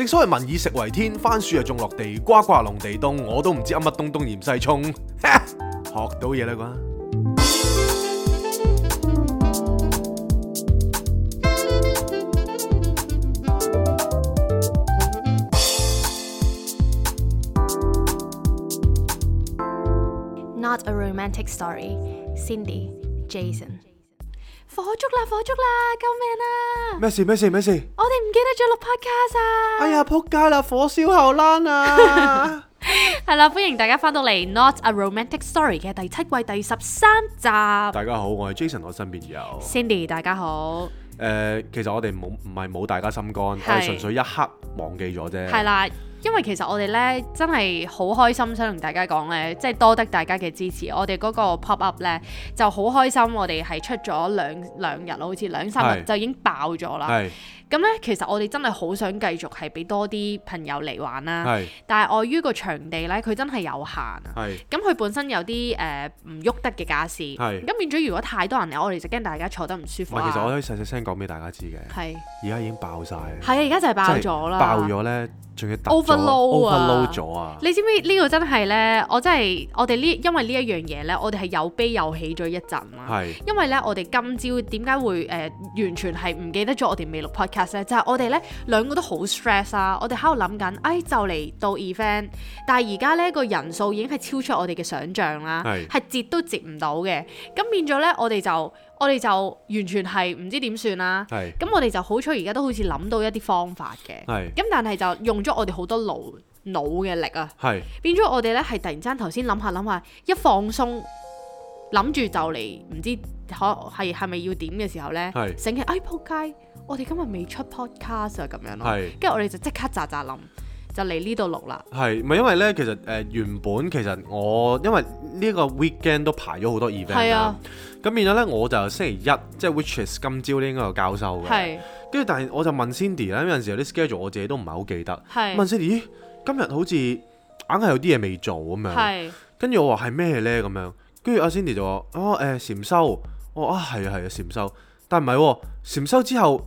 正所謂民以食為天，番薯又種落地，瓜瓜農地冬，我都唔知噏乜東東嚴世聰， 學到嘢啦啩。Not a romantic story, Cindy, Jason. 火燭啦，火燭啦，救命啊！咩事咩事咩事？事事我哋唔記得咗錄 podcast 啊！哎呀，扑街啦，火燒後欄啊！係啦， 歡迎大家翻到嚟《Not a Romantic Story》嘅第七季第十三集。大家好，我係 Jason，我身邊有 Cindy。大家好。誒、呃，其實我哋冇唔係冇大家心肝，係純是粹一刻忘記咗啫。係啦。因為其實我哋咧真係好開心，想同大家講咧，即係多得大家嘅支持。我哋嗰個 pop up 咧就好開心我，我哋係出咗兩兩日咯，好似兩三日就已經爆咗啦。咁咧是、嗯、其實我哋真係好想繼續係俾多啲朋友嚟玩啦，是但係礙於個場地咧，佢真係有限、啊。咁佢是、嗯、本身有啲誒唔喐得嘅傢俬，咁是變咗如果太多人嚟，我哋就驚大家坐得唔舒服、啊。其實我都可以細細聲講俾大家知嘅，係而家已經爆曬，係而家就係爆咗啦，爆咗咧仲要 Overload 咗啊！啊你知唔知呢個真係咧？我真係我哋呢，因為呢一樣嘢咧，我哋係有悲有喜咗一陣啦、啊。係是因為咧，我哋今朝點解會誒、呃、完全係唔記得咗我哋未錄 podcast 咧？就係、是、我哋咧兩個都好 stress 啊！我哋喺度諗緊，哎就嚟到 event，但係而家咧個人數已經係超出我哋嘅想象啦，係是截都截唔到嘅。咁變咗咧，我哋就～我哋就完全係唔知點算啦，咁是我哋就好彩而家都好似諗到一啲方法嘅，咁是但係就用咗我哋好多腦腦嘅力啊，是變咗我哋呢係突然之間頭先諗下諗下，一放鬆，諗住就嚟唔知可係係咪要點嘅時候呢，是醒起：哎「唉仆街，我哋今日未出 podcast 啊。啊」咁樣咯，跟住我哋就即刻咋咋諗。就嚟呢度錄啦，係咪因為咧？其實誒、呃、原本其實我因為呢個 weekend 都排咗好多 event 啦、啊，咁變咗咧我就星期一即係 which is 今朝咧應該有教授嘅，跟住是但係我就問 Cindy 啦，有陣時有啲 schedule 我自己都唔係好記得，是問 Cindy 咦今日好似硬係有啲嘢未做咁樣，跟住是我話係咩咧咁樣，跟住阿 Cindy 就話哦誒禪、欸、修，我、哦、啊係啊係啊禪修，但唔係禪修之後。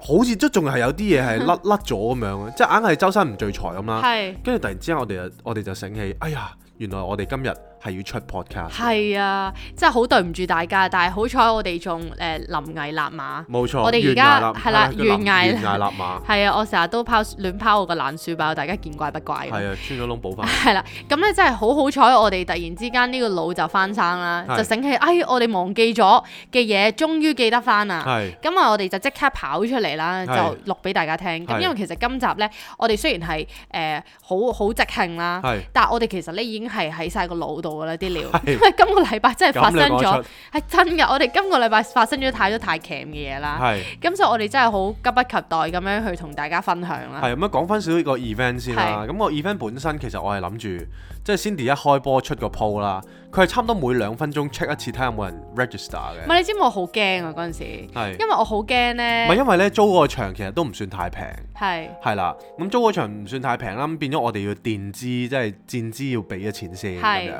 好似都仲係有啲嘢係甩甩咗咁樣， 即係硬係周身唔聚財咁啦。跟住是突然之間我哋就我哋就醒起，哎呀，原來我哋今日。係要出 podcast，係啊，真係好對唔住大家，但係好彩我哋仲誒臨危立馬，冇錯，我哋而家係啦，懸崖立馬，係啊，我成日都拋亂拋我個爛書包，大家見怪不怪。係啊，穿咗窿補翻。係啦，咁咧真係好好彩，我哋突然之間呢個腦就翻生啦，就醒起，哎，我哋忘記咗嘅嘢，終於記得翻啦。係，咁啊，我哋就即刻跑出嚟啦，就錄俾大家聽。咁因為其實今集咧，我哋雖然係誒好好即興啦，但係我哋其實咧已經係喺晒個腦度。啲料，因為 今個禮拜真係發生咗，係真噶。我哋今個禮拜發生咗太多太 cam 嘅嘢啦，咁的所以我哋真係好急不及待咁樣去同大家分享啦。係咁樣講翻少少個 event 先啦。咁的個 event 本身其實我係諗住。即係 Cindy 一開波出個 po 啦，佢係差唔多每兩分鐘 check 一次睇下有冇人 register 嘅。唔係，你知唔知我好驚啊？嗰陣時是因，因為我好驚咧。唔係因為咧租嗰場其實都唔算太平，係係是啦，咁租嗰場唔算太平啦，咁變咗我哋要墊資，即係墊資要俾咗錢先㗎。是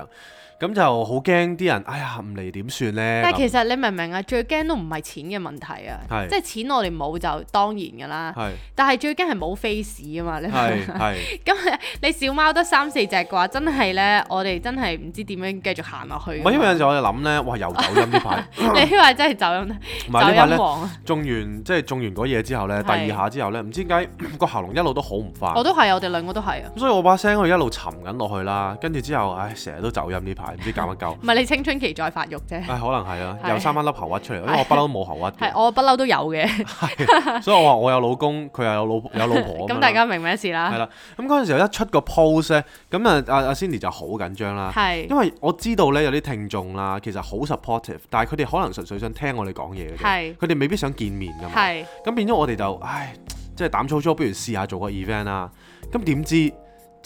咁就好驚啲人，哎呀唔嚟點算咧？但係其實你明唔明啊？最驚都唔係錢嘅問題啊，是即係錢我哋冇就當然㗎啦。是但係最驚係冇 face 啊嘛。係係。咁 你小貓得三四隻嘅話，真係咧，我哋真係唔知點樣繼續行落去。唔係，因為有陣時我哋諗咧，哇又走音呢排。 你呢排真係走音， 走音王。中完即係中完嗰嘢、就是、之後咧，是第二下之後咧，唔知點解個喉嚨一路都好唔快。我都係，我哋兩個都係啊。所以我把聲我一路沉緊落去啦，跟住之後，唉、哎，成日都走音呢排。唔知夾乜舊，唔係你青春期再發育啫。啊，可能係啊，有三翻粒喉核出嚟，是啊、因為我不嬲冇喉核。係我不嬲都有嘅 、啊，所以我話我有老公，佢又有老有老婆。咁 樣大家明咩事啦、啊。係、嗯、啦，咁嗰陣時候一出個 post 咧、啊，咁啊啊啊 Cindy 就好緊張啦。係，是啊、因為我知道咧有啲聽眾啦，其實好 supportive，但係佢哋可能純粹想聽我哋講嘢嘅。係，佢哋未必想見面㗎嘛。係是、啊，咁變咗我哋就唉，即係膽粗粗，不如試下做個 event 啦、啊。咁、嗯、點知？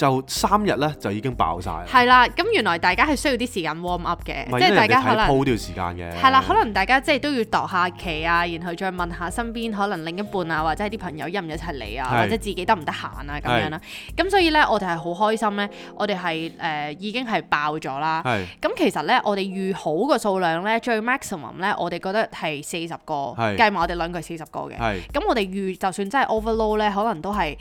就三日咧就已經爆晒。係啦，咁原來大家係需要啲時間 warm up 嘅，即係大家可能都要時間嘅係啦，可能大家即係都要度下期啊，然後再問下身邊可能另一半啊，或者係啲朋友一唔一齊嚟啊，是或者自己得唔得閒啊咁樣是、呃、啦。咁所以咧，我哋係好開心咧，我哋係誒已經係爆咗啦。係咁，其實咧我哋預好個數量咧最 maximum 咧，我哋覺得係四十個，是計埋我哋兩個係四十個嘅。係咁是，我哋預就算真係 overload 咧，可能都係。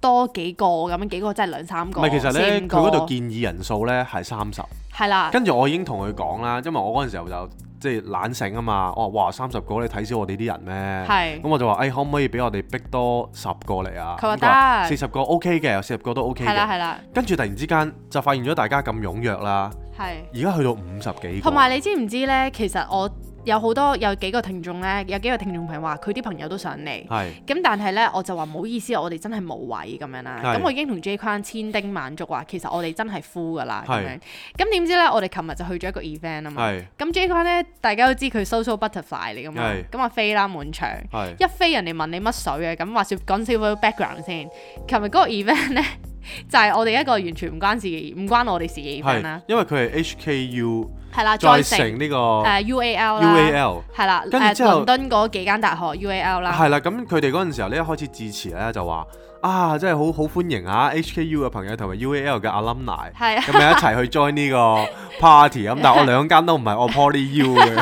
多幾個咁樣幾個，即係兩三個。唔係，其實呢，佢嗰度建議人數呢係三十，係啦。跟住我已經同佢講啦，因為我嗰陣時候就即係、就是、懶醒啊嘛。我、哦、話哇，三十個你睇少我哋啲人咩？係咁是、嗯、我就話誒、哎，可唔可以俾我哋逼多十個嚟啊？佢話得四十個 OK 嘅，四十個都 OK 嘅。係啦，係啦。跟住突然之間就發現咗大家咁踴躍啦。係而家去到五十幾個。同埋你知唔知呢？其實我。有好多有幾個聽眾咧，有幾個聽眾，呢有幾個聽眾朋友話佢啲朋友都想嚟，咁是但係咧，我就話唔好意思，我哋真係冇位咁樣啦。咁是我已經同 Jianquan 千叮萬囑，話其實我哋真係 full 噶啦咁樣。咁點知咧，我哋琴日就去咗一個 event 啊嘛。咁 Jianquan 咧，大家都知佢 social so butterfly 嚟噶嘛。咁啊是飛啦滿場，是一飛人哋問你乜水啊？咁話説講 social background 先，琴日嗰個 event 咧。 就係我哋一個完全唔關事，唔關我哋事嘅 event 啦。因為佢係 HKU，係啦，再成呢、呃呢個誒 UAL UAL 係啦，誒倫敦嗰幾間大學 UAL 啦。係啦，咁佢哋嗰陣時候咧，一開始致辭咧就話。啊，真係好好歡迎啊！HKU 嘅朋友同埋 UAL 嘅 alumni，咁咪一齊去 join 呢個 party 啊！咁但係我兩間都唔係我 Poly U 嘅，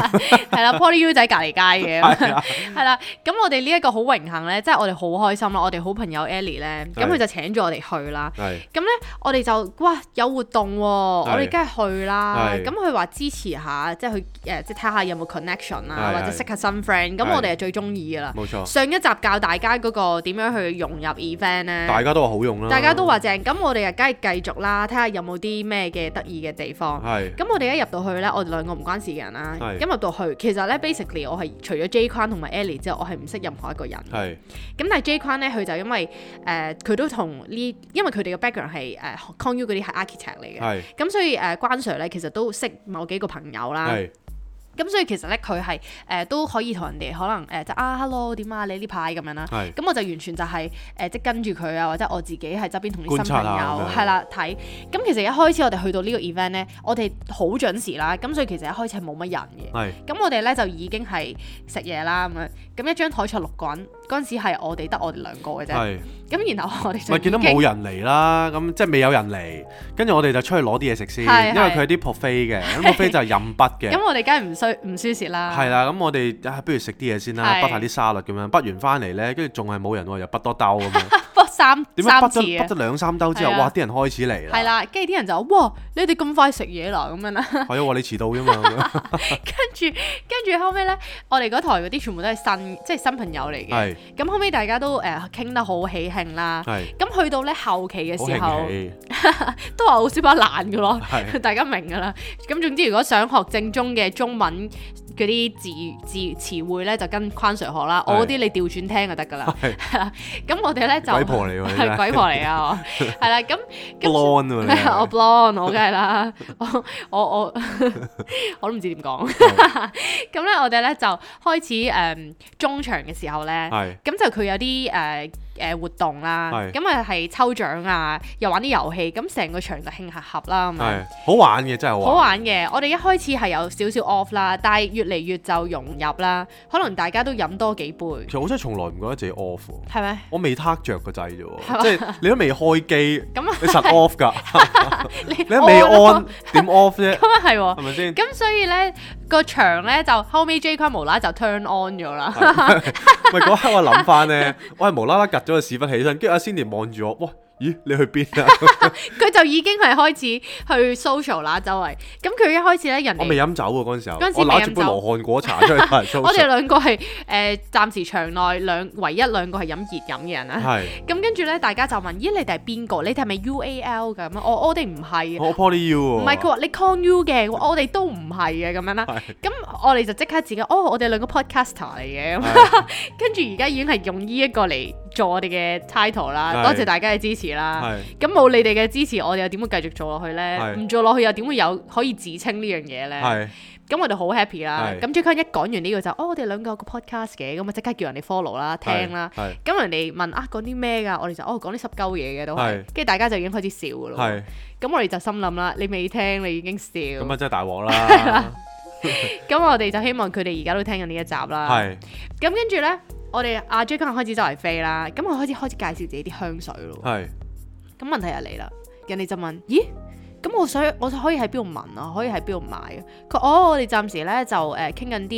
係啦，Poly U 仔隔離街嘅，係啦。咁我哋呢一個好榮幸咧，即係我哋好開心啦！我哋好朋友 Ellie 咧，咁佢就請咗我哋去啦。咁咧，我哋就哇有活動，我哋梗係去啦。咁佢話支持下，即係去誒即係睇下有冇 connection 啊，或者識下新 friend。咁我哋係最中意噶啦，冇錯，上一集教大家嗰個點樣去融入 event。大家都話好用啦，大家都話正，咁我哋又梗係繼續啦，睇下有冇啲咩嘅得意嘅地方。係是，咁我哋一入到去咧，我哋兩個唔關事嘅人啦。係是，咁入到去，其實咧，basically 我係除咗 J Kwan 同埋 Ellie 之後，我係唔識任何一個人。係是，咁但係 J Kwan 咧，佢就因為誒佢、呃、都同呢，因為佢哋嘅 background 係誒 Con U 嗰啲係 architect 嚟嘅。係、呃，咁是所以誒、呃，關 Sir 咧其實都識某幾個朋友啦。咁、嗯、所以其實咧，佢係誒都可以同人哋可能誒即、呃、啊，hello 點啊，你呢排咁樣啦。咁的、嗯、我就完全就係、是、誒、呃、即跟住佢啊，或者我自己係側邊同啲新朋友係啦睇。咁的、嗯、其實一開始我哋去到呢個 event 咧，我哋好準時啦。咁、嗯、所以其實一開始係冇乜人嘅。咁的、嗯、我哋咧就已經係食嘢啦咁樣。咁、嗯、一張台坐六個人嗰陣時係我哋得我哋兩個嘅啫。的咁然後我哋就，咪見到冇人嚟啦，咁、嗯、即係未有人嚟，跟住我哋就出去攞啲嘢食先，是是是因為佢啲撲飛嘅，撲飛是是 就係任筆嘅。咁、嗯、我哋梗係唔衰唔輸蝕啦。係啦、啊，咁我哋不如食啲嘢先啦，筆是下啲沙律咁樣，筆完翻嚟咧，跟住仲係冇人喎，又筆多兜咁樣。 三點樣？得得兩三兜之後，哇！啲人開始嚟啦。係啦，跟住啲人就話：哇！你哋咁快食嘢來咁樣啦。係喎，你遲到啫嘛。跟住跟住後尾咧，我哋嗰台嗰啲全部都係新即係新朋友嚟嘅。咁後尾大家都誒傾得好喜慶啦。咁去到咧後期嘅時候，都話好少把爛嘅咯。大家明㗎啦。咁總之，如果想學正宗嘅中文嗰啲字字詞彙咧，就跟框 Sir 學啦。我啲你調轉聽就得㗎啦。咁，我哋咧就。係鬼婆嚟啊！係啦，咁咁、 嗯，我 blonde 我梗係啦，我我我都唔知點講。咁、嗯、咧，我哋咧就開始誒中場嘅時候咧，係咁就佢有啲誒。嗯嗯誒活動啦，咁啊係抽獎啊，又玩啲遊戲，咁成個場就興合合啦咁樣，好玩嘅真係好玩嘅。我哋一開始係有少少 off 啦，但係越嚟越就融入啦，可能大家都飲多幾杯。其實我真係從來唔覺得自己 off，係咪？我未 touch 著個掣啫，即係你都未開機，咁你實 off 噶，你都未 on 點 off 啫？咁啊係喎，係咪先？咁所以咧個場咧就後屘 J 君無啦就 turn on 咗啦。喂，嗰刻我諗翻咧，我係無啦啦將個屎忽起身，跟住阿 Cindy 望住我，哇！咦，你去邊啊？佢 就已經係開始去 social 啦，周圍。咁佢一開始咧，人我未飲酒喎，嗰時候我。嗰陣時拎住杯羅漢果茶出去。 我哋兩個係誒、呃、暫時場內兩唯一兩個係飲熱飲嘅人啊。係。咁跟住咧，大家就問：咦，你哋係邊個？你哋係咪 UAL 㗎？我我哋唔係。我 point you 唔係，佢話你 call you 嘅，我哋都唔係嘅，咁樣啦。咁我哋就即刻自己，哦，我哋兩個 podcaster 嚟嘅。哦 哦、跟住而家已經係用呢一個嚟。做我哋嘅 title 啦，多謝大家嘅支持啦。咁冇你哋嘅支持，我哋又點會繼續做落去呢？唔做落去又點會有可以自稱呢樣嘢呢？咁我哋好 happy 啦。咁最近一講完呢個就，哦，我哋兩個有個 podcast 嘅，咁啊即刻叫人哋 follow 啦，聽啦。咁人哋問啊，講啲咩噶？我哋就哦，講啲濕鳩嘢嘅，都跟住大家就已經開始笑噶咯。咁我哋就心諗啦，你未聽你已經笑，咁啊真係大鑊啦。咁我哋就希望佢哋而家都聽緊呢一集啦。咁跟住呢。我哋阿 J 今日開始周圍飛啦，咁佢開始開始介紹自己啲香水咯。係是，咁問題又嚟啦，人哋就問：咦？咁我想，我可以喺邊度問啊？可以喺邊度買啊？佢哦，我哋暫時咧就誒傾緊啲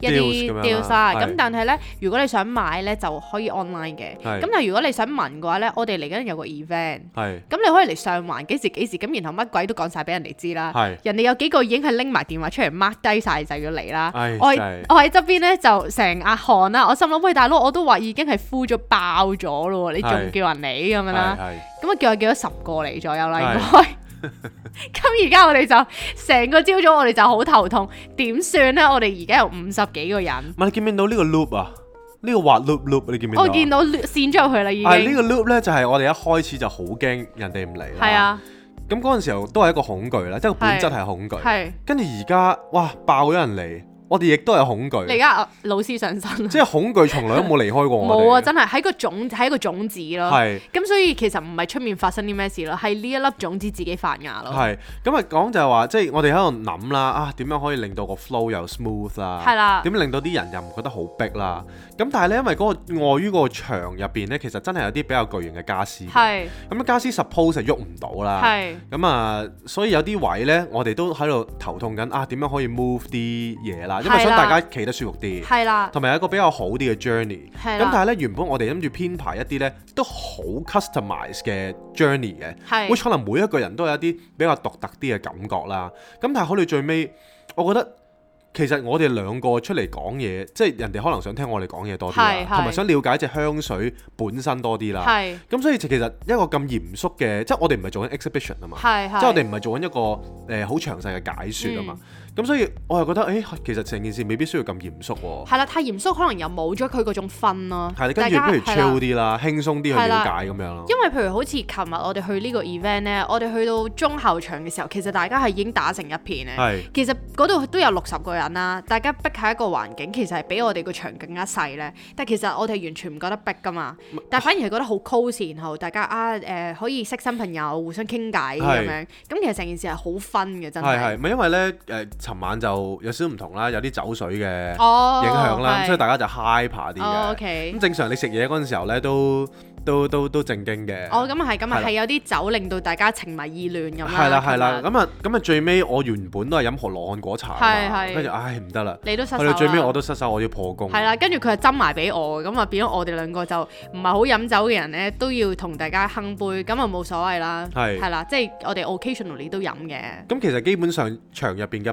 一啲 deal 咁，但係咧，如果你想買咧就可以 online 嘅。咁但係如果你想問嘅話咧，我哋嚟緊有個 event。係咁，你可以嚟上環幾時幾時咁，然後乜鬼都講晒俾人哋知啦。人哋有幾個已經係拎埋電話出嚟 mark 低晒就要嚟啦。我我喺側邊咧，就成阿汗啦。我心諗喂，大佬我都話已經係 full 咗爆咗咯，你仲叫人嚟咁樣啦？係咁啊，叫啊叫咗十個嚟左右啦，應該。咁而家我哋就成個朝早，我哋就好頭痛，點算咧？我哋而家有五十幾個人。你見唔見到呢個 loop 啊？呢個滑 loop loop，你見唔見？我見到線咗佢啦，已經。係呢個 loop 咧，就係我哋一開始就好驚人哋唔嚟。係啊。咁嗰陣時候都係一個恐懼啦，即係個本質係恐懼。係。跟住而家哇，爆咗人嚟。我哋亦都有恐懼。你而家、啊、老師上身。即係恐懼從來都冇離開過我。冇啊！ 真係喺個種喺個種子咯。係是。咁所以其實唔係出面發生啲咩事咯，係呢一粒種子自己發芽咯。係。咁啊講就係話，即、就、係、是、我哋喺度諗啦，啊點樣可以令到個 flow 又 smooth 啦？係啦。點令到啲人又唔覺得好逼啦？咁但係咧，因為嗰個礙於個牆入邊咧，其實真係有啲比較巨型嘅傢俬。係是。咁樣傢俬 suppose 係喐唔到啦。係是。咁啊，所以有啲位咧，我哋都喺度頭痛緊啊，點樣可以 move 啲嘢啦？因為想大家企得舒服啲，係啦，同埋一個比較好啲嘅 journey。咁，但係咧，原本我哋諗住編排一啲咧，都好 customise 嘅 journey 嘅，會可能每一個人都有一啲比較獨特啲嘅感覺啦。咁但係好在最尾，我覺得其實我哋兩個出嚟講嘢，即係人哋可能想聽我哋講嘢多啲同埋想了解隻香水本身多啲啦。係咁，所以其實一個咁嚴肅嘅，即係我哋唔係做緊 exhibition 啊嘛，即係我哋唔係做緊一個誒好詳細嘅解説啊嘛。咁所以我又覺得，誒、欸、其實成件事未必需要咁嚴肅喎、啊。係啦，太嚴肅可能又冇咗佢嗰種 fun 咯、啊。係，跟住不如 chill 啲啦的，輕鬆啲去了解咁樣咯。因為譬如好似琴日我哋去個呢個 event 咧，我哋去到中後場嘅時候，其實大家係已經打成一片咧。的其實嗰度都有六十個人啦，大家逼喺一個環境，其實係比我哋個場更加細咧。但其實我哋完全唔覺得逼㗎嘛，的但反而係覺得好 close，然後大家啊誒、呃、可以識新朋友，互相傾偈咁樣。咁的其實成件事係好 fun 嘅，真係。係因為咧誒？呃尋晚就有少少唔同啦，有啲酒水嘅影響啦，所以大家就 hyper 啲嘅。咁正常你食嘢嗰陣時候咧，都都都都正經嘅。哦，咁啊係，咁啊係有啲酒令到大家情迷意亂咁樣。係啦，係啦，咁啊咁啊最尾我原本都係飲何羅漢果茶，跟住唉唔得啦。你都失手啦。最尾我都失手，我要破功。係啦，跟住佢係斟埋俾我咁啊，變咗我哋兩個就唔係好飲酒嘅人咧，都要同大家哼杯，咁啊冇所謂啦。係係啦，即係我哋 occasionally 都飲嘅。咁其實基本上場入邊嘅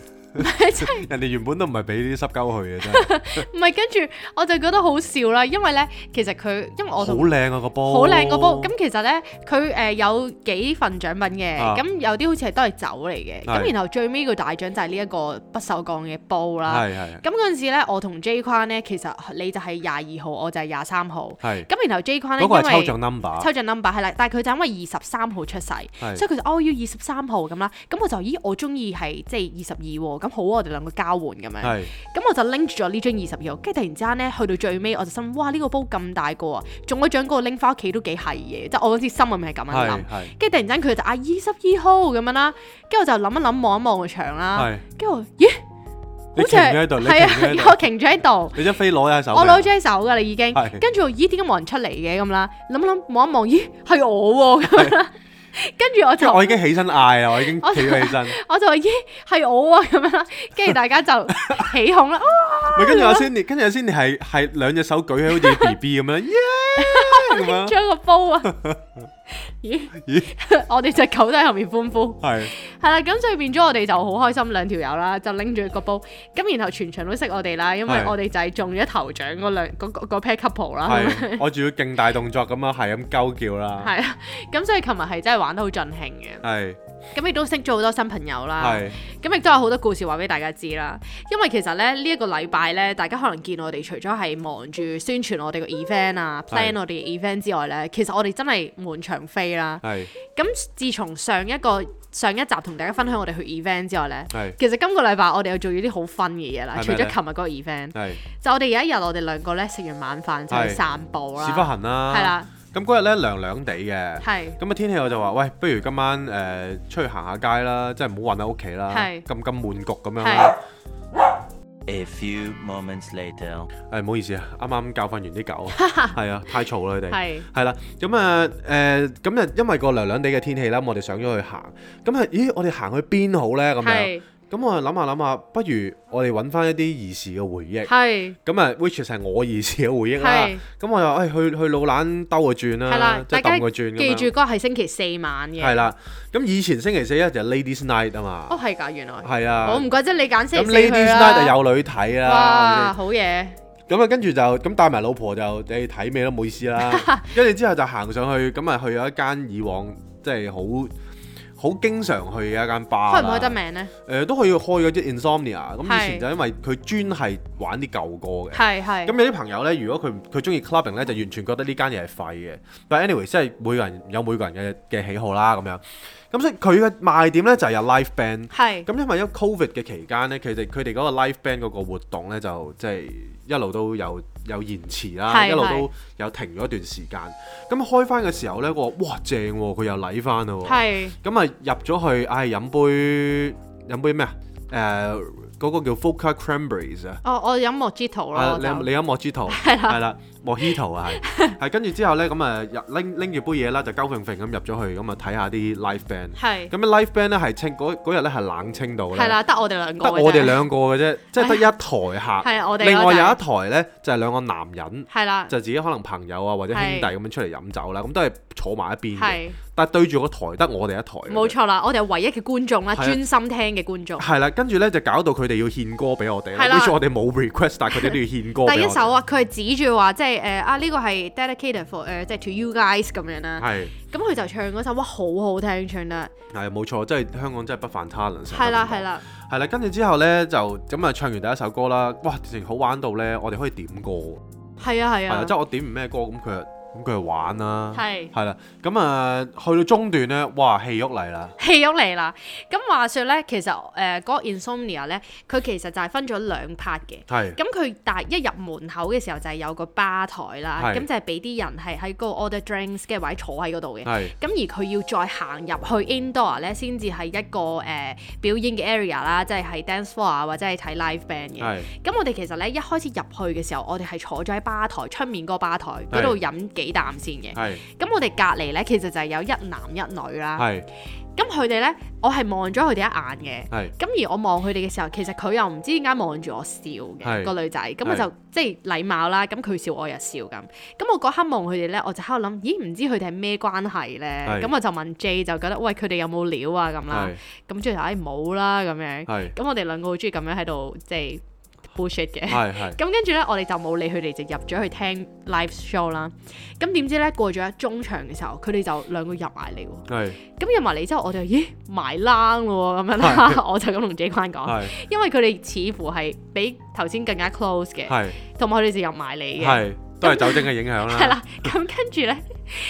唔 人哋原本都唔係俾啲濕鳩去嘅啫。唔係， 跟住我就覺得好笑啦，因為咧，其實佢因為我好靚啊個波，好靚個波。咁、哦、其實咧，佢誒、呃、有幾份獎品嘅，咁、啊、有啲好似係都係酒嚟嘅。咁、啊、然後最尾個大獎就係呢一個不鏽鋼嘅煲啦。咁嗰陣時咧，我同 J 框咧，其實你就係廿二號，我就係廿三號。咁是是 然後 J 框咧，嗰個係抽獎 number。抽獎 number 係啦，但係佢就因為二十三號出世，是的 所以佢就哦要二十三號咁啦。咁我就咦我中意係即係二十二喎。咁好，啊，我哋兩個交換咁樣。係是。咁我就拎住咗呢張二十二號，跟住突然之間咧，去到最尾，我就心，哇！呢、這個煲咁大個啊，中獎嗰個拎翻屋企都幾係嘢。即、就、係、是、我嗰次心裏面係咁樣諗。跟住突然間佢就啊，二十二號咁樣啦。跟住我就諗一諗，望一望個牆啦。跟住是我，咦？停住喺度，係啊，我停住喺度。 你張飛攞喺手，我攞咗喺手噶，你已經。跟住是，咦？點解冇人出嚟嘅咁啦？諗一諗，望一望，咦？係我喎咁啦。是 跟住我就，就，我已經起身嗌啦，我已經企咗起身。我就話，咦？係我啊咁樣啦，跟住大家就起哄啦。唔係、 啊、跟住阿 Sonny，跟住阿 Sonny 係係兩隻手舉起好似 B B 咁啦，耶咁樣，將個煲啊。 Yeah, 咦？ 我哋隻狗都喺後面歡呼 的，係係啦。咁所以變咗我哋就好開心， 兩條友啦，就拎住個煲。咁然後全場都識我哋啦，因為我哋就係中咗頭獎嗰兩、嗰個 pair couple、嗰個、啦。的 我仲要勁大動作咁啊，係咁鳩叫啦。 係啊，咁所以琴日係真係玩得好盡興嘅。係。咁亦都識咗好多新朋友啦，咁亦都有好多故事話俾大家知啦。是因為其實咧呢一個禮拜咧，大家可能見我哋除咗係忙住宣傳我哋個 event 啊，plan 是我哋個 event 之外咧，其實我哋真係滿場飛啦。咁是自從上一個上一集同大家分享我哋去 event 之外咧，是其實今個禮拜我哋又做咗啲好 fun 嘅嘢啦，是嗎 除咗琴日嗰個 event，< 是嗎 S 1> 就我哋有一日我哋兩個咧食完晚飯就去散步啦，屎忽痕啦，係啦、啊。咁嗰日咧涼涼地嘅，咁啊是天氣我就話，喂，不如今晚誒、呃、出去行下街啦，即係唔好韞喺屋企啦，咁咁是悶焗咁樣啦是。A few moments later，誒唔好意思啊，啱啱教訓完啲狗，係 啊，太嘈啦佢哋，係是啦，咁啊誒咁啊，因為個涼涼地嘅天氣啦，我哋上咗去行，咁、嗯、啊咦，我哋行去邊好咧咁樣？咁我又諗下諗下，不如我哋揾翻一啲兒時嘅回憶。係的。咁啊，which 就係我兒時嘅回憶啦。咁的我又誒、哎、去去老蘭兜個轉啦，即係兜個轉咁樣。轉一轉一轉，記住嗰個係星期四晚嘅。係啦。咁以前星期四咧就 Ladies Night 啊嘛。哦，係㗎，原來。係啊的。我唔怪得你揀先。咁 Ladies Night 就有女睇啦。哇的好嘢。咁啊，跟住就咁帶埋老婆就你睇咩都冇意思啦。跟住 之後就行上去，咁啊去咗一間以往即係好。就是好經常去嘅一間吧啦，開唔開得名咧？誒、呃，都可以開嗰啲 Insomnia。咁以前就因為佢專係玩啲舊歌嘅，係係。咁有啲朋友咧，如果佢佢中意 clubbing 咧，就完全覺得呢間嘢係廢嘅。但係 anyway，即係每個人有每個人嘅嘅喜好啦，咁樣。咁、嗯、所佢嘅賣點咧就係、是、有 live band 是。係、嗯。咁因為因 Covid 嘅期間咧，其哋佢哋嗰個 live band 嗰個活動咧就即係一路都有有延遲啦、啊，是是一路都有停咗一段時間。咁、嗯、開翻嘅時候咧，我話哇正喎、啊，佢又嚟翻咯。係是。咁啊、嗯、入咗去，唉、哎，係飲杯飲杯咩、uh, 啊？誒嗰個叫 Foca Cranberries 啊。哦，我飲莫之托咯。你你飲莫之托。係啦。啦 了。 Mojito 啊，係係，跟住之後咧，咁啊拎拎住杯嘢啦，就鳩揈揈咁入咗去，咁啊睇下啲 live band。咁 live band 咧係清嗰日咧係冷清到咧，係啦，得我哋兩個，得我哋兩個嘅啫，即係得一台客，另外有一台咧就係兩個男人，係啦，就自己可能朋友啊或者兄弟咁樣出嚟飲酒啦，咁都係坐埋一邊但係對住個台得我哋一台。冇錯啦，我哋係唯一嘅觀眾啦，專心聽嘅觀眾。係啦，跟住咧就搞到佢哋要獻歌俾我哋。好似我哋冇 request，但係佢哋都要獻歌。第一首啊，佢係指住話即係。誒、uh, 啊！呢、這個係 dedicated for 誒、uh,，即係 to you guys 咁樣啦、啊。係是。咁佢、嗯、就唱嗰首哇，好好聽唱得。係冇錯，即係香港真係不犯他人。食、啊。係啦、啊，係啦。係啦，跟住之後咧，就咁啊唱完第一首歌啦，哇！直情好玩到咧，我哋可以點歌。係啊，係啊。即係我點唔咩歌，咁、嗯、佢。咁佢就玩啦，係是，係啦，咁啊去到中段咧，哇，戲鬱嚟啦，戲鬱嚟啦。咁話説咧，其實誒《個、呃、Insomnia》咧、嗰個 Ins，佢其實就係分咗兩 part 嘅。係是，咁佢但係一入門口嘅時候就係有個吧台啦，咁是、嗯、就係俾啲人係喺個 order drinks 嘅位坐喺嗰度嘅。咁是、嗯、而佢要再行入去 indoor 咧，先至係一個誒、呃、表演嘅 area 啦，即係係 dance floor 啊或者係睇 live band 嘅。咁是、嗯嗯、我哋其實咧一開始入去嘅時候，我哋係坐咗喺吧台出面嗰個吧台度飲。是是幾啖先嘅，咁我哋隔籬呢，其實就係有一男一女啦。咁佢哋呢，我係望咗佢哋一眼嘅。咁而我望佢哋嘅時候，其實佢又唔知點解望住我笑嘅，個女仔。咁我就即係禮貌啦。咁佢笑我又笑咁。咁我嗰刻望佢哋呢，我就喺度諗，咦？唔知佢哋係咩關係呢？咁我就問 J，就覺得喂，佢哋有冇料啊？咁啦。咁最後誒冇啦，咁樣。咁我哋兩個好中意咁樣喺度即係。f u l 咁跟住咧，是我哋就冇理佢哋，就入咗去聽 live show 啦。咁點知咧，過咗一中場嘅時候，佢哋就兩個入埋嚟喎。咁入埋嚟之後我，啊、是的 我就咦埋冷咯咁樣啦，我就咁同自己講，因為佢哋似乎係比頭先更加 close 嘅，同埋佢哋就入埋嚟嘅，都係酒精嘅影響啦。係啦，咁、嗯、跟住咧，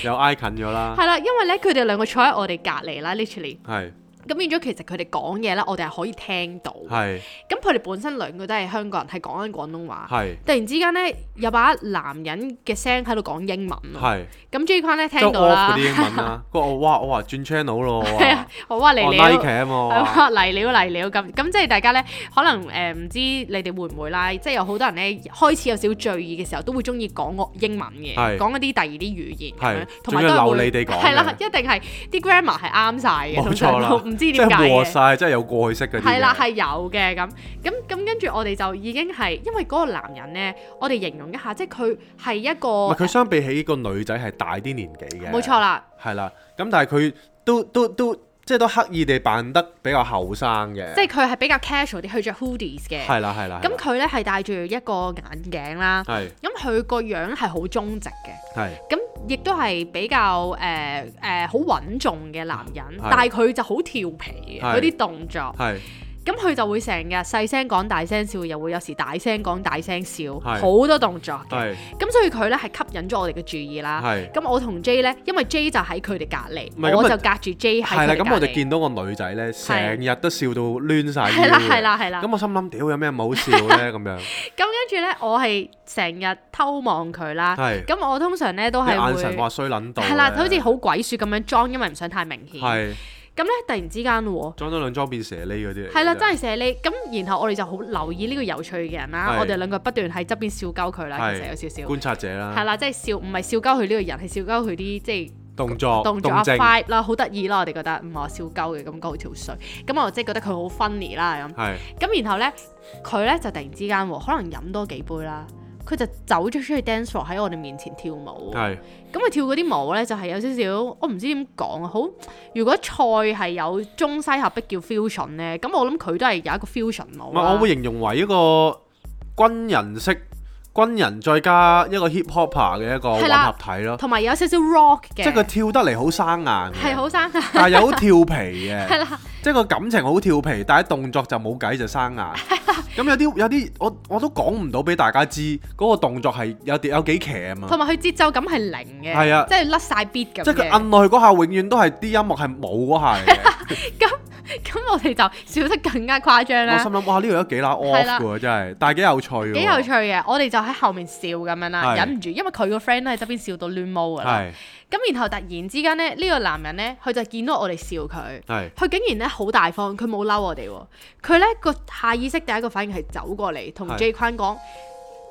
又挨近咗啦。係啦，因為咧，佢哋兩個坐喺我哋隔離啦 distance 咁變咗其實佢哋講嘢咧，我哋係可以聽到。係。咁佢哋本身兩個都係香港人，係講緊廣東話。係。突然之間咧，有把男人嘅聲喺度講英文喎。係。咁 j i a n 聽到啦。啲英文啊，個哇我話轉 channel 咯。係啊。我話嚟了。n 啊嘛。我話嚟了嚟了咁咁，即係大家咧，可能誒唔知你哋會唔會啦，即係有好多人咧，開始有少少醉意嘅時候，都會中意講英文嘅，講一啲第二啲語言。係。同埋都係會你哋講。係啦，一定係啲 grammar 係啱晒嘅。冇錯啦唔知點解嘅，即係過曬，即係有過去式嘅。係啦，係有嘅，咁咁咁，跟住我哋就已經係，因為嗰個男人咧，我哋形容一下，即係佢係一個。唔係佢相比起個女仔係大啲年紀嘅。冇錯啦。係啦，咁但係佢都都都。都都即係都刻意地扮得比較後生嘅，即係佢係比較 casual 啲，去着 hoodies 嘅，係啦係啦。咁佢咧係戴住一個眼鏡啦，係的。咁佢個樣係好忠直嘅，係的。咁亦都係比較誒誒好穩重嘅男人，的但係佢就好調皮嘅，啲的動作係。咁佢就會成日細聲講大聲笑，又會有時大聲講大聲笑，好多動作嘅。咁所以佢呢係吸引咗我哋嘅注意啦。咁我同 J 呢，因為 J 就喺佢哋隔離，我就隔住 J 喺佢隔離。係啦，咁我就見到個女仔呢，成日都笑到攣晒。係啦，係啦，係啦。咁我心諗，屌有咩唔好笑呢咁樣。咁跟住呢，我係成日偷望佢啦。係。咁我通常呢都係眼神話衰撚到。係啦，好似好鬼鼠咁樣裝，因為唔想太明顯。係。咁咧，突然之間喎，裝咗兩裝變蛇呢嗰啲，係啦，真係蛇呢。咁然後我哋就好留意呢個有趣嘅人啦、啊。是我哋兩個不斷喺側邊笑鳩佢啦，是其實有少少觀察者啦。係啦，即係笑，唔係笑鳩佢呢個人，係笑鳩佢啲即係動作、動作啊、vibe 啦，好得意啦，我哋覺得唔係話笑鳩嘅咁嗰條水，咁我即係覺得佢好 funny 啦咁。係是。咁然後咧，佢咧就突然之間可能飲多幾杯啦。佢就走咗出去 dance floor 喺我哋面前跳舞，係是，咁佢跳嗰啲舞咧就係、是、有少少我唔知點講啊，好如果菜係有中西合璧叫 fusion 咧，咁我諗佢都係有一個 fusion 舞。唔，我，我會形容為一個軍人式軍人再加一個 hip hop 嘅一個混合體咯，同埋有少少 rock 嘅，即係佢跳得嚟好生硬，係好生硬，但係又好調皮嘅，即係個感情好調皮，但係動作就冇計就生硬。咁有啲有啲我我都講唔到俾大家知嗰個動作係有有幾騎啊嘛，同埋佢節奏感係零嘅，係啊，即係甩晒 beat 咁，即係佢摁落去嗰下永遠都係啲音樂係冇嗰下嘅。咁 我哋就笑得更加誇張啦！我心諗哇，呢度有幾拉惡嘅喎，真係，但係幾有趣喎！幾有趣嘅，我哋就喺後面笑咁樣啦，是的 忍唔住，因為佢個 friend 咧喺側邊笑到亂毛㗎啦。咁是的 然後突然之間咧，呢、呢個男人咧，佢就見到我哋笑佢，係，佢竟然咧好大方，佢冇嬲我哋喎，佢咧個下意識第一個反應係走過嚟同 J 坤講。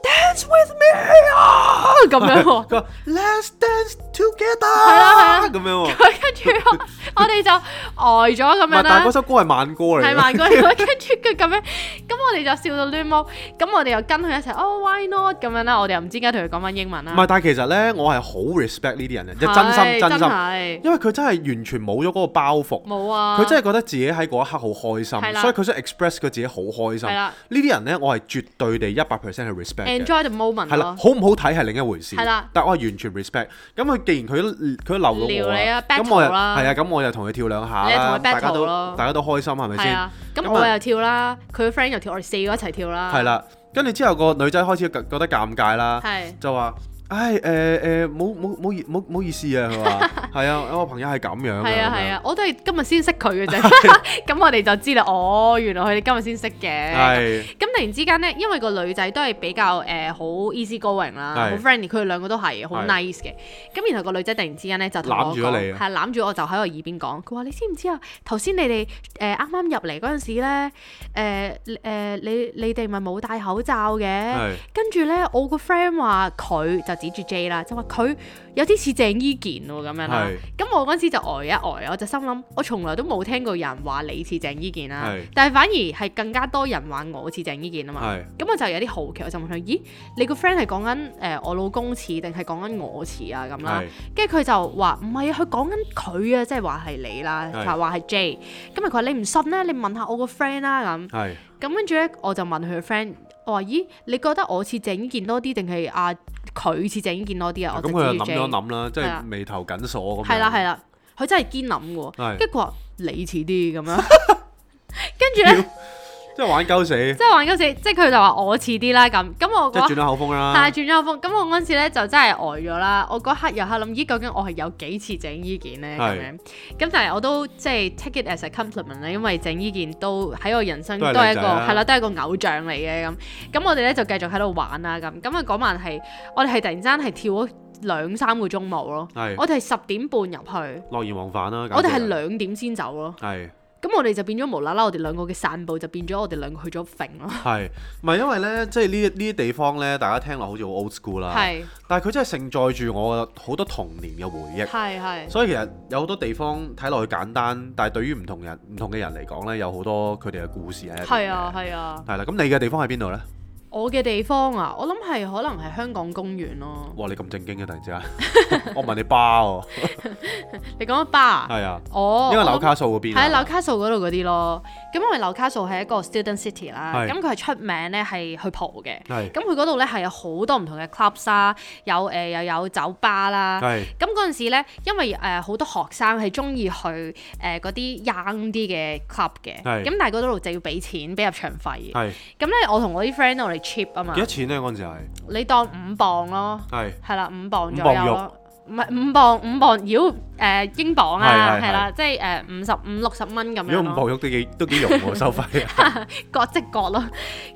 Dance with me 啊，咁樣喎。咁 Let's dance together。係啦，係啊，咁樣喎。跟住我哋就呆咗咁樣。但係嗰首歌係慢歌嚟。係慢歌嚟。咁跟住佢咁樣，咁我哋就笑到攣毛。咁我哋又跟佢一齊。哦，Why not？咁樣啦，我哋又唔知點解同佢講翻英文啦。唔係，但係其實咧，我係好 respect 呢啲人嘅，即真心真心。因為佢真係完全冇咗嗰個包袱。冇啊！佢真係覺得自己喺嗰一刻好開心，所以佢想 express 佢自己好開心。呢啲人咧，我係絕對地一百 percent 係 respect。Enjoy the moment 係啦，好唔好睇係另一回事，係啦的，但我係完全 respect。咁佢既然佢佢留到我，撩你啊 battle 啦，係啊，咁我又同佢跳兩下，你同佢 battle 咯，大，大家都開心係咪先？咁的的我又跳啦，佢個 friend 又跳，我哋四個一齊跳啦，係啦。跟住之後個女仔開始覺得尷尬啦，係的就話。唉，誒誒冇冇冇意冇意思啊，係嘛，係啊，我朋友係咁樣，係啊，係啊我都係今日先識佢嘅啫。咁我哋就知啦，哦，原來佢哋今日先識嘅。咁是突然之間呢，因為個女仔都係比較誒、呃、好 easygoing 啦好是 friendly，佢哋兩個都係好 nice 嘅。咁然後個女仔突然之間咧就攬住我。係攬住我就喺我耳邊講，佢話你知唔知啊，頭先你哋誒啱啱入嚟嗰陣時咧誒誒你你哋咪冇戴口罩嘅，是跟住咧我個 friend 話：「佢就指住 J 啦，就話佢有啲似鄭伊健喎咁樣啦。咁是我嗰陣時就呆、呃、一呆、呃，我就心諗，我從來都冇聽過人話你似鄭伊健啦、啊。是但係反而係更加多人話我似鄭伊健啊嘛。咁是我就有啲好奇，我就問佢：咦，你個 friend 係講緊誒我老公似定係講緊我似啊咁啦？跟住佢就話唔係啊，佢講緊佢啊，即係話係你啦、啊，話話係 J。咁啊佢話你唔信咧，你問下我個 friend 啦咁。咁跟住咧，是我就問佢個 friend。我話，咦？你覺得我似鄭伊健多啲定係啊佢似鄭伊健多啲啊？咁佢又諗咗諗啦，即係眉頭緊鎖咁。係啦係啦，佢真係堅諗嘅喎。係是的，跟住佢話你似啲咁樣，跟住咧。 即係玩鳩死，即係玩鳩死，即係佢就話我似啲啦咁。咁我覺得，但係轉咗口風。咁我嗰陣時咧就真係呆咗啦。我嗰刻又刻諗，咦？究竟我係有幾似鄭伊健咧？咁是樣咁，但係我都即係 take it as a compliment 咧，因為鄭伊健都喺我人生都係、啊、一個係啦，都係一個偶像嚟嘅咁。咁我哋咧就繼續喺度玩啦咁。咁佢嗰晚係我哋係突然間係跳咗兩三個鐘舞咯。是我哋係十點半入去，樂而忘返啦、啊。我哋係兩點先走咯。係。咁我哋就變咗無啦啦，我哋兩個嘅散步就變咗我哋兩個去咗揈咯。係，唔係因為呢，即係呢呢啲地方呢，大家聽落好似好 old school 啦。係是，但係佢真係盛載住我好多童年嘅回憶。係係是。所以其實有好多地方睇落去簡單，但係對於唔同人、唔同嘅人嚟講呢，有好多佢哋嘅故事喺度。係啊係啊。係啦、啊，咁你嘅地方喺邊度呢？我嘅地方啊，我諗係可能係香港公園咯。哇！你咁正經嘅突然之間，我問你巴喎？你講巴？係啊。哦，因為紐卡素嗰邊。係啊，紐卡素嗰度嗰啲咯。咁因為紐卡素係一個 student city 啦，咁佢係出名咧係去蒲嘅。咁佢嗰度咧係有好多唔同嘅 club 啦，有誒又有酒吧啦。咁嗰陣時咧，因為誒好多學生係中意去誒嗰啲 young 啲嘅 club 嘅。咁但係嗰度就要俾錢，俾入場費。咁咧，我同我啲 friend cheap 啊嘛，幾多錢咧？嗰陣時係你當五磅咯，係係是啦，五磅左右。唔係五磅，五磅妖，誒英磅啊，係啦，即係誒五十五六十蚊咁樣。如果五磅肉都幾都幾容喎，收費。各即各咯，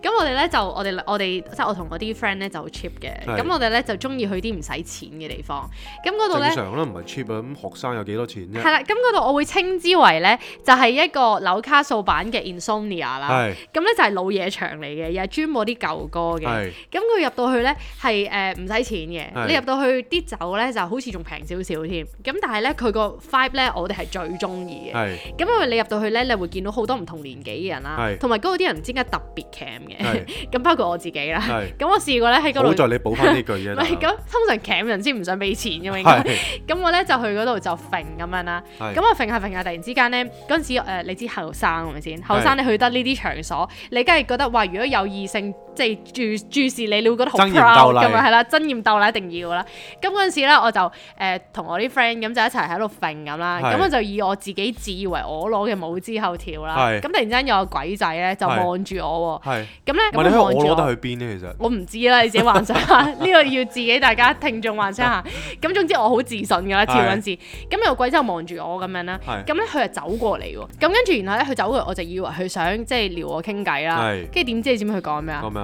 咁我哋咧就我哋我哋即係我同我啲 friend 咧就好 cheap 嘅，咁我哋咧就中意去啲唔使錢嘅地方。咁嗰度咧，正常都唔係 cheap 啊。咁學生有幾多錢咧？係啦，咁嗰度我會稱之為咧，就係一個紐卡素版嘅 Insomnia 啦。係。咁咧就係老嘢場嚟嘅，又專播啲舊歌嘅。係。咁佢入到去咧係誒唔使錢嘅，你入到去啲酒咧就好。似仲平少少添，咁但係咧佢個 five 咧，我哋係最中意嘅。咁是因為你入到去咧，你會見到好多唔同年紀嘅人啦，同埋嗰度啲人唔知點解特別 kam 嘅。咁是包括我自己啦。咁是、嗯、我試過咧喺嗰度。好在你補翻呢句嘢。唔咁， 通常 kam 人先唔想俾錢咁是、嗯、樣。係是。咁我咧就去嗰度就揈咁樣啦。咁我揈下揈下，突然之間咧嗰陣時、呃、你知後生係咪先？後生你去得呢啲場所，你梗係覺得哇！如果有異性。即係注注視你，你會覺得好 proud 咁啊，係啦，爭豔鬥麗一定要啦。咁嗰陣時咧，我就誒同我啲 friend 咁就一齊喺度咁啦。咁我就以我自己自以為我攞嘅舞之後跳啦。咁突然間有個鬼仔咧就望住我咁咧，我得去邊？其實我唔知啦，你自己幻想下。呢個要自己大家聽眾幻想下。咁總之我好自信㗎，跳嗰陣時。咁有個鬼仔望住我咁樣啦。咁咧佢就走過嚟。咁跟住然後咧佢走過嚟，我就以為佢想即係撩我傾偈啦。跟住點知你知唔知佢講咩啊？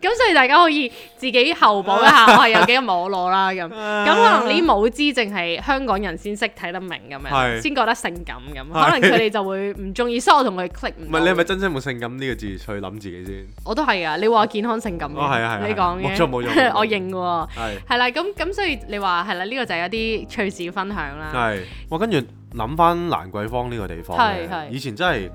咁所以大家可以自己後補一下，我係有幾個摸裸啦咁。咁可能呢舞姿淨係香港人先識睇得明咁樣，先覺得性感咁。可能佢哋就會唔中意，所以我同佢 click 唔埋。你係咪真心冇性感呢個字去諗自己先？我都係啊！你話健康性感，你講嘅我認喎。係係啦，咁咁所以你話係啦，呢個就係一啲趣事分享啦。係。我跟住諗翻蘭桂坊呢個地方，以前真係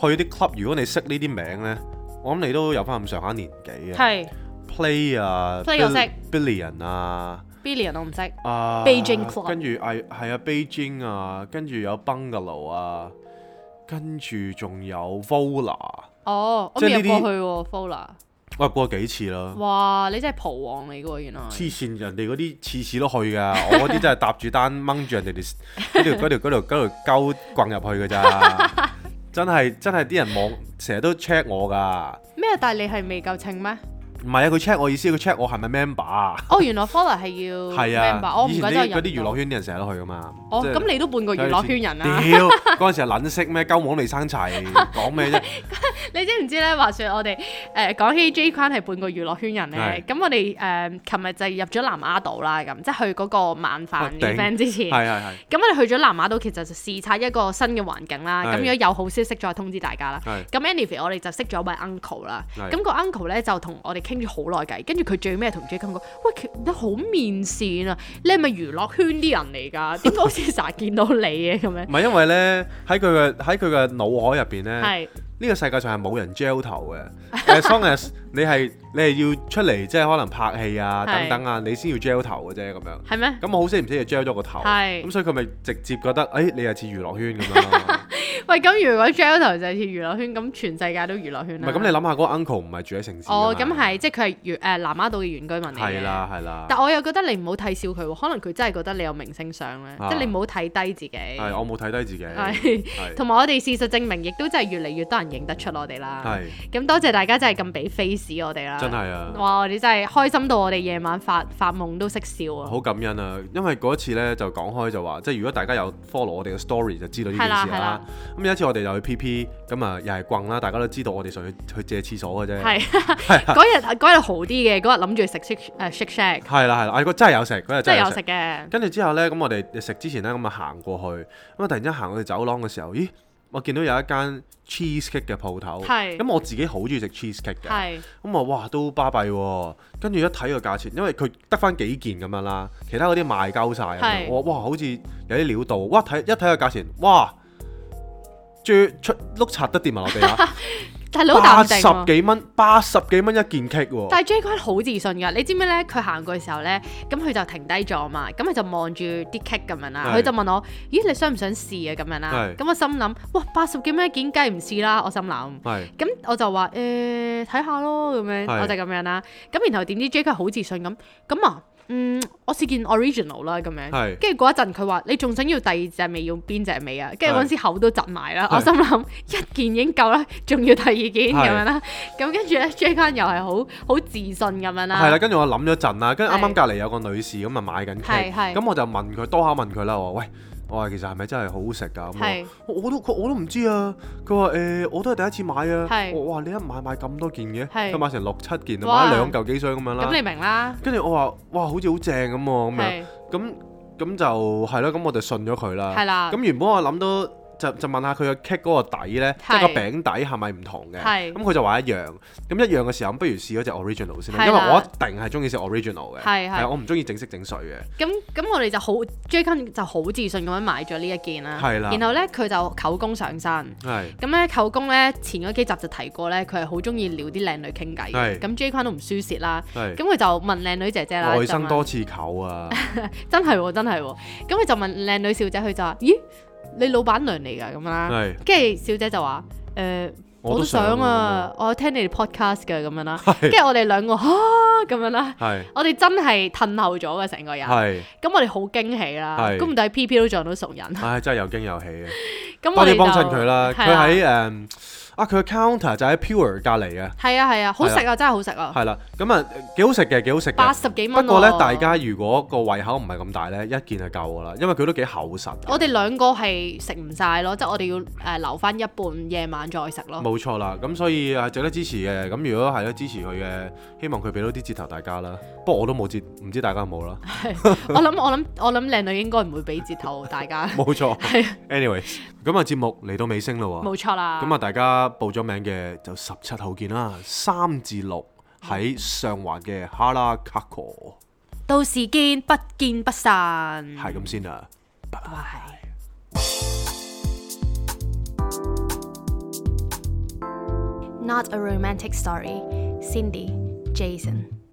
去啲 club，如果你識呢啲名咧。我諗你都有翻咁上下年紀啊！係 Play 啊，Play 我識，Billion 啊，Billion 我唔識啊，Beijing Club 跟住，哎係啊，Beijing 啊，跟住有 Bungalow 啊，跟住仲有 Volar 哦，我未去過去喎，Volar。我過幾次咯。哇，你真係蒲王嚟㗎喎，原來。黐線，人哋嗰啲次次都去㗎，我嗰啲真係搭住單掹住人哋啲，嗰條嗰條嗰條嗰條鳩逛入去㗎咋。真係真係啲人網成日都 check 我㗎。咩？但你係未夠稱咩？唔係啊！佢 check 我意思，佢 check 我係咪 member 啊？哦，原來 follow 係要 member。我唔怪得啲娛樂圈啲人成日都去㗎嘛。哦，咁你都半個娛樂圈人啦。屌，嗰陣時係撚識咩？鳩毛未生齊，講咩啫？你知唔知咧？話說我哋誒講起 J 關係半個娛樂圈人咧，咁我哋誒琴日就入咗南丫島啦，咁即係去嗰個晚飯嘅 friend 之前。咁我哋去咗南丫島，其實就視察一個新嘅環境啦。咁如果有好消息，再通知大家啦。咁 anyway 我哋就識咗位 uncle 啦。咁個 uncle 咧就同我哋傾。跟住好耐計，跟住佢最尾係同 Jack 咁講，喂，你好面善啊！你係咪娛樂圈啲人嚟噶？點解好似成日見到你嘅咁樣？唔係 因為咧，喺佢嘅喺佢嘅腦海入邊咧，呢是個世界上係冇人 gel 頭嘅。誒 Sunglass 你係你係要出嚟，即係可能拍戲啊等等啊，是你先要 gel 頭嘅啫咁樣。係咩嗎？咁我好識唔識就 gel 咗個頭。係咁是，所以佢咪直接覺得，誒、哎，你係似娛樂圈咁啊？ 喂，咁如果 Jail 頭就係娛樂圈，咁全世界都娛樂圈啦。唔係，咁你諗下嗰 uncle 唔係住喺城市哦，咁係，即係佢係粵南丫島嘅原居民嚟係啦，係啦。但我又覺得你唔好睇笑佢喎，可能佢真係覺得你有明星相咧，啊、即係你唔好睇低自己。係，我冇睇低自己。同埋 是我哋事實證明，亦都真係越嚟越多人認得出我哋啦。係是。咁多謝，謝大家真係咁俾 face 我哋啦。真係啊！哇，我哋真係開心到我哋夜晚發發夢都識笑啊！好、嗯、感恩啊，因為嗰次咧就講開就話，即係如果大家有 follow 我哋嘅 story 就知道呢件事、啊、啦。咁有一次我哋就去 P P，咁啊又係逛啦，大家都知道我哋上去去借廁所嘅啫。係、啊，嗰日日好啲嘅，嗰日諗住食 Shake Shake Shack。係啦係啦，誒個真係有食，嗰日真係有食嘅。跟住之後咧，咁我哋食之前咧，咁啊行過去，咁啊突然一行去走廊嘅時候，咦？我見到有一間 cheese cake 嘅鋪頭，咁是、嗯、我自己好中意食 cheese cake 嘅，咁是啊哇，都巴閉喎！跟住一睇個價錢，因為佢得返幾件咁樣啦，其他嗰啲賣鳩晒。我、啊、是哇，哇，哇，哇，好似有啲料到，哇睇一睇個價錢，哇！出碌擦得掂啊！我哋 哥，但係老豆定十幾蚊，八十幾蚊一件棘喎。但係 J 君好自信噶，你知唔知咧？佢行過嘅時候咧，咁佢就停低咗嘛，咁佢就望住啲棘咁樣啦。佢就問我：，咦，你想唔想試啊？咁是的 樣啦。咁我心諗，哇，八十幾蚊一件，梗係唔試啦。我心諗，咁是的 我就話：，誒、欸，睇下咯，咁樣，我就咁樣啦。咁然後點知 J 君好自信咁，咁啊。嗯，我試件 original 啦咁樣，跟住嗰一陣佢話：你仲想要第二隻味，要邊隻味啊？跟住嗰陣時口都窒埋啦，是我心諗一件已經夠啦，仲要第二件咁是樣啦。咁跟住咧 Jacket 又係好好自信咁樣啦。係啦，跟住我諗咗陣啦，跟住啱啱隔離有個女士咁啊是買緊，係係，咁我就問佢，多下問佢啦，我話喂。我話其實係咪真係好好食㗎？我都我都唔知啊！佢話誒，我都係、啊欸、第一次買啊！是我話你一買買咁多件嘅，佢是買成六七件，買兩嚿幾箱咁樣啦。咁你明啦、啊？跟住我話哇，好似好正咁喎！咁樣咁咁是就係啦，咁我就信咗佢啦。係啦的，咁原本我諗到……就就問下佢個 cake 嗰個底咧，即係個餅底係咪唔同嘅？咁佢就話一樣。咁一樣嘅時候，不如試嗰隻 original 先。因為我一定係中意食 original 嘅。係，我唔中意整色整水嘅。咁咁，我哋就好 J.Kun 就好自信咁樣買咗呢一件啦。然後咧，佢就舅公上身。咁咧，舅公咧前嗰幾集就提過咧，佢係好中意撩啲靚女傾偈。咁 J.Kun 都唔輸蝕啦。咁佢就問靚女姐姐啦，外甥多次舅啊！真係真係。咁佢就問靚女小姐，佢就話：咦？你老闆娘嚟㗎咁樣啦，跟住是 小姐就話：誒、呃，我都想啊，我有聽你哋 podcast 嘅，咁樣啦。跟住是 我哋兩個嚇咁樣啦，是 我哋真係褪後咗嘅成個人。係是，咁我哋好驚喜啦，估唔到喺 PP 都撞到熟人。唉，真係又驚又喜啊！咁我哋幫襯佢啦，佢喺誒。啊！佢嘅 counter 就喺 pure 隔離嘅。係啊係啊，好食啊，真係好食啊。係啦、啊，咁啊幾、嗯、好食嘅，幾好食嘅。八十幾蚊。不過咧，哦、大家如果個胃口唔係咁大咧，一件係夠㗎啦，因為佢都幾厚實。我哋兩個係食唔晒咯，即係我哋要誒留翻一半，夜晚再食咯。冇錯啦，咁所以係值得支持嘅。咁如果係咧支持佢嘅，希望佢俾多啲折頭大家啦。不過我都冇折，唔知大家有冇啦。我諗 我諗我諗靚女應該唔會俾折頭大家。冇錯。 Anyways 咁啊，節目嚟到尾聲啦喎！冇錯啦！咁啊，大家報咗名嘅就十七號見啦，三至六喺上環嘅哈拉卡個，到時見，不見不散。係咁先啦，拜拜。Bye bye. Not a romantic story，Cindy，Jason。Mm.